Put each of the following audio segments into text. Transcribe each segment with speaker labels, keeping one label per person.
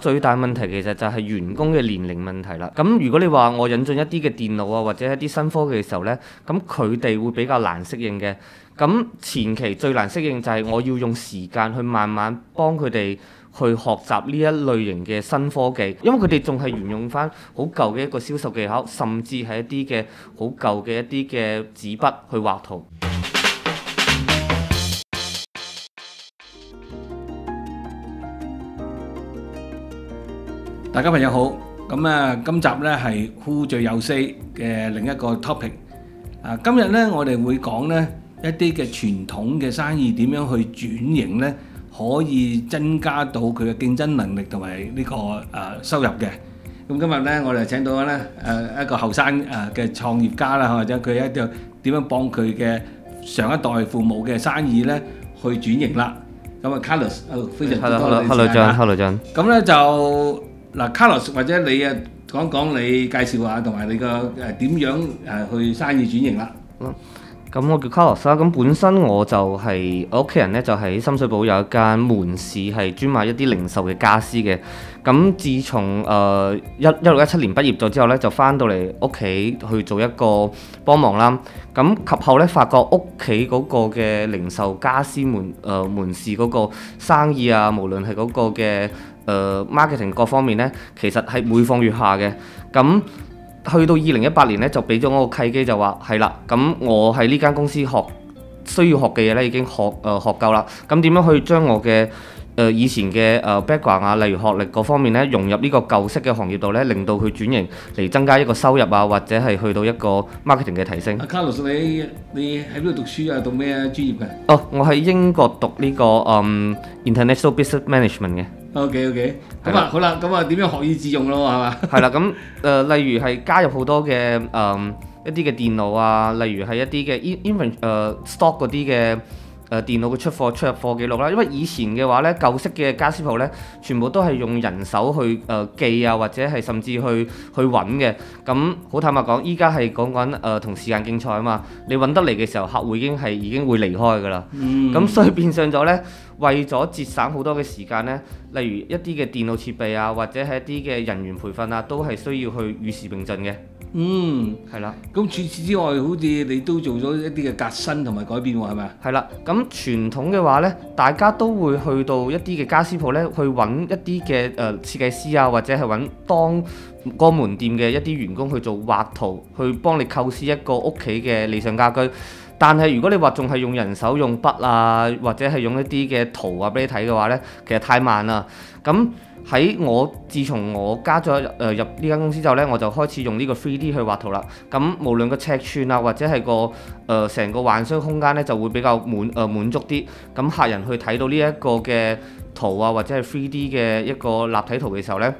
Speaker 1: 最大問題其實就係員工嘅年齡問題啦。咁如果你話我引進一啲嘅電腦啊，或者一啲新科技嘅時候呢，咁佢哋會比較難適應嘅。咁前期最難適應就係我要用時間去慢慢幫佢哋去學習呢一類型嘅新科技，因為佢哋仲係沿用翻好舊嘅一個銷售技巧，甚至係一啲嘅好舊嘅一啲嘅紙筆去畫圖。
Speaker 2: 大家朋友好，咁啊，今集呢係 Hu 最有 Say 嘅另一個 topic。啊，今日呢我哋會講呢一啲嘅傳統嘅生意點樣去轉型呢，可以增加到佢嘅競爭能力同埋呢個誒收入嘅。咁今日呢我哋請到呢誒一個後生誒嘅創業家啦，或者佢一啲點樣幫佢嘅上一代父母嘅生意呢去轉型啦。咁啊，Carlos，非常之多謝你先啦。Hello，Hello John，Hello John。咁呢就。嗱，卡洛斯或者你啊，講講你介紹下，同埋你個誒點樣誒去生意轉型啦。嗯
Speaker 1: 咁我叫 Carlos 啦。咁本身我就係、是、我屋企人咧，就喺、是、深水埗有一間門市，係專賣一啲零售嘅家私嘅。咁自從誒一一六一七年畢業咗之後咧，就返到嚟屋企去做一個幫忙啦。咁及後咧，發覺屋企嗰個嘅零售家私門誒、呃、門市嗰個生意啊，無論係嗰個嘅誒 marketing 各方面咧，其實係每況愈下嘅。咁去到二零一八年咧，就俾咗我契機就，就話係啦。咁我喺呢間公司學需要學嘅嘢咧，已經學誒、呃、學夠啦。咁點樣去將我嘅誒、呃、以前嘅誒 background 啊，例如學歷各方面咧，融入呢個舊式嘅行業度咧，令到佢轉型嚟增加一個收入啊，或者係去到一個 marketing 嘅提升。
Speaker 2: Carlos，你你喺邊度讀書啊？讀咩啊專業㗎？哦
Speaker 1: ，oh, 我喺英國讀呢、呢個誒、嗯、international business management 嘅。O K O K，咁啊好啦，咁啊點樣學以致用咯，係嘛、嗯？係啦，咁誒，例如係加入好多嘅誒、嗯，一啲嘅電腦啊，例如係一啲嘅 in in 誒 stock 嗰啲嘅。誒、呃、電腦嘅出貨、出入貨記錄啦，因為以前嘅話呢，舊式嘅家私鋪呢，全部都係用人手去誒記、呃、啊，或者係甚至去去揾嘅。咁好坦白講，依家係講緊誒同時間競賽啊嘛，你揾得嚟嘅時候，客戶已經係已經會離開噶啦。咁、嗯、所以變相咗呢，為咗節省好多嘅時間呢，例如一啲嘅電腦設備啊，或者係一啲嘅人員培訓啊，都係需要去與時並進嘅。嗯，係啦的。咁除此之外，好似你都做咗一啲嘅革新同埋改變喎，係咪啊？係啦。咁傳統嘅話呢，大家都會去到一啲嘅家私鋪呢，去揾一啲嘅誒設計師啊，或者係揾當個門店嘅一啲員工去做畫圖，去幫你構思一個屋企嘅理想家居。但係，如果你話仲係用人手用筆啊，或者係用一啲嘅圖啊，俾你睇嘅話呢，其實太慢啦。咁喺我自從我加咗誒入呢間公司之後呢，我就開始用呢個 three D 去畫圖啦。咁無論個尺寸啊，或者係個誒成、呃、個幻想空間呢，就會比較滿誒、呃、滿足啲。咁客人去睇到呢一個嘅圖啊，或者係 three D 嘅一個立體圖嘅時候呢，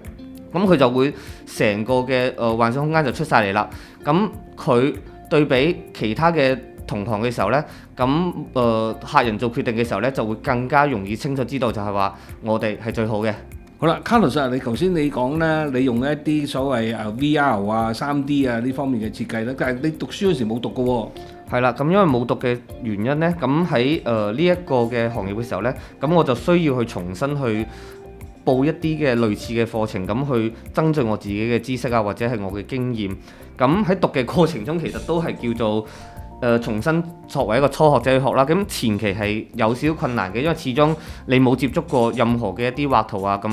Speaker 1: 咁佢就會成個嘅誒、呃、幻想空間就出晒嚟啦。咁佢對比其他嘅同行嘅時候呢，咁、嗯、誒客人做決定嘅時候呢，就會更加容易清楚知道就係話我哋係最好嘅。好啦，Carlos，你
Speaker 2: 頭先你講呢，你用一啲所謂 V R 啊、三 D 啊呢方面嘅設計咧，
Speaker 1: 但係你讀書嗰時冇讀嘅喎、哦。係啦，咁因為冇讀嘅原因呢，咁喺誒呢一個嘅行業嘅時候呢，咁我就需要去重新去報一啲嘅類似嘅課程，咁去增進我自己嘅知識啊，或者係我嘅經驗。咁喺讀嘅過程中，其實都係叫做。誒、呃、重新作為一個初學者去學啦，咁前期係有少少困難嘅，因為始終你冇接觸過任何嘅一啲畫圖啊，咁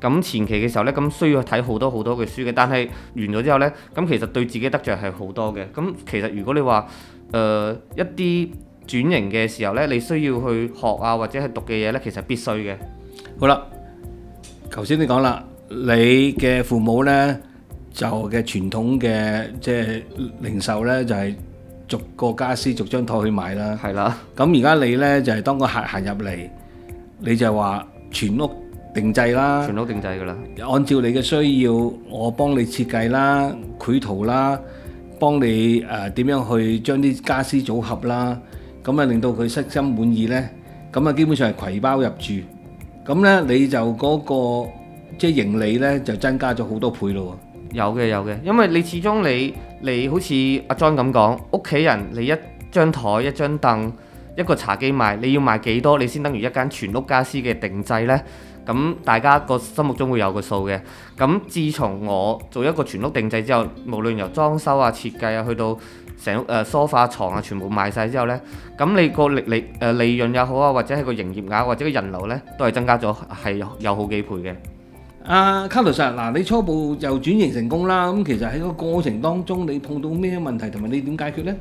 Speaker 1: 咁前期嘅時候呢，咁需要睇好多好多嘅書嘅。但係完咗之後呢，咁其實對自己得着係好多嘅。咁其實如果你話誒、呃、一啲轉型嘅時候呢，你需要去學啊或者係讀嘅嘢呢，其實必須嘅。好啦，頭先你講
Speaker 2: 啦，你嘅父母呢，就嘅傳統嘅即係零售呢，就係、係。逐個家私逐張台去買啦。係啦的。咁而家你呢，就係、是、當個客行入嚟，你就話全屋定製啦。全屋定製㗎啦。按照你嘅需要，我幫你設計啦、繪圖啦，幫你誒點、呃、樣去將啲家私組合啦，咁啊令到佢悉心滿意呢。咁啊基本上係攜包入住。咁呢，你就嗰、那個即係、就是、盈利呢，就增加咗好多倍咯。
Speaker 1: 有嘅有嘅，因為你始終你你好似阿 John 咁講，屋企人你一張台、一張凳、一個茶几賣，你要賣幾多你先等於一間全屋家私嘅定製呢？咁大家個心目中會有個數嘅。咁自從我做一個全屋定製之後，無論由裝修啊、設計啊，去到成屋誒梳化、牀、呃、啊，全部賣晒之後呢，咁你個利利誒利潤又好啊，或者係個營業額或者，個，或者個人流呢，都係增加咗係有好幾倍嘅。
Speaker 2: 阿 Carlos，嗱、啊啊、你初步就轉型成功啦，咁、嗯、其實喺個過程當中，你碰到咩
Speaker 1: 問題同埋你點解決咧？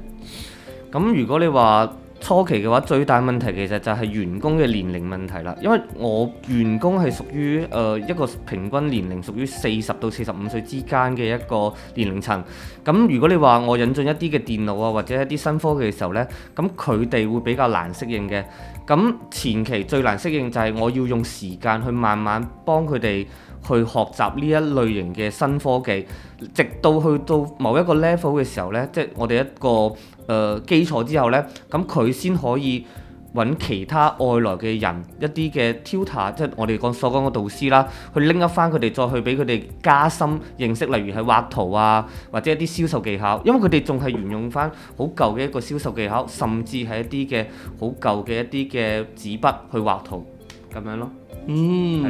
Speaker 1: 咁、嗯、如果你話。初期嘅話，最大問題其實就係員工嘅年齡問題啦。因為我員工係屬於誒一個平均年齡屬於四十到四十五歲之間嘅一個年齡層。咁如果你話我引進一啲嘅電腦啊，或者一啲新科技嘅時候呢，咁佢哋會比較難適應嘅。咁前期最難適應就係我要用時間去慢慢幫佢哋去學習呢一類型嘅新科技，直到去到某一個 level 嘅時候呢，即係我哋一個。誒、呃、基礎之後呢，咁佢先可以揾其他外來嘅人一啲嘅 tutor，即係我哋講所講嘅導師啦，去拎一翻佢哋，再去俾佢哋加深認識。例如係畫圖啊，或者一啲銷售技巧，因為佢哋仲係沿用翻好舊嘅一個銷售技巧，甚至係一啲嘅好舊嘅一啲嘅紙筆去畫圖咁樣咯。嗯，係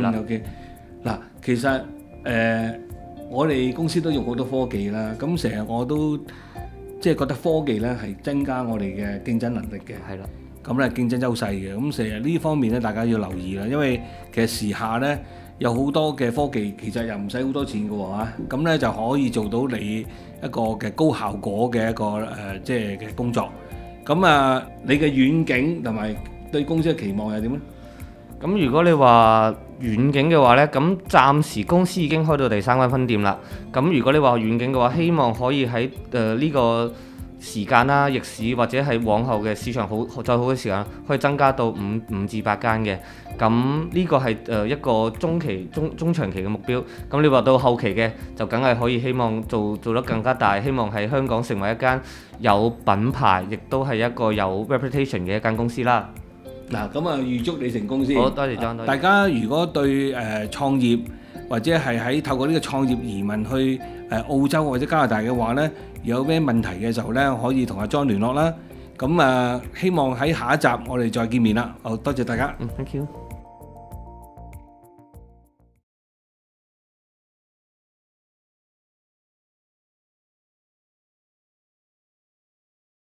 Speaker 1: 啦。其
Speaker 2: 實、呃、我哋公司都用好多科技啦，咁成日我都。即係覺得科技呢係增加我哋嘅競爭能力嘅，係啦的，咁呢競爭優勢嘅，咁成日呢方面呢，大家要留意啦，因為其實時下呢，有好多嘅科技其實又唔使好多錢嘅喎，咁呢就可以做到你一個嘅高效果嘅一個誒、呃，即係嘅工作。咁啊，你嘅遠景同埋對
Speaker 1: 公司嘅期望係點呢？咁如果你話遠景嘅話呢，咁暫時公司已經開到第三間分店啦。咁如果你話遠景嘅話，希望可以喺誒呢個時間啦、逆市或者係往後嘅市場好再好嘅時間，可以增加到五五至八間嘅。咁呢個係誒一個中期、中中長期嘅目標。咁你話到後期嘅，就梗係可以希望做做得更加大，希望喺香港成為一間有品牌，亦都係一個有 reputation 嘅一間公司啦。
Speaker 2: 嗱，咁啊，預祝你成功先。好多謝，多謝，多謝大家。
Speaker 1: 如果對誒、呃、創業或
Speaker 2: 者係喺透過呢個創業移民去、呃、澳洲或者加拿大嘅話呢，有咩問題嘅時候呢，可以同阿 John 聯絡啦。咁啊、呃，希望喺下一集我哋再見面啦。好多謝大家，Thank you。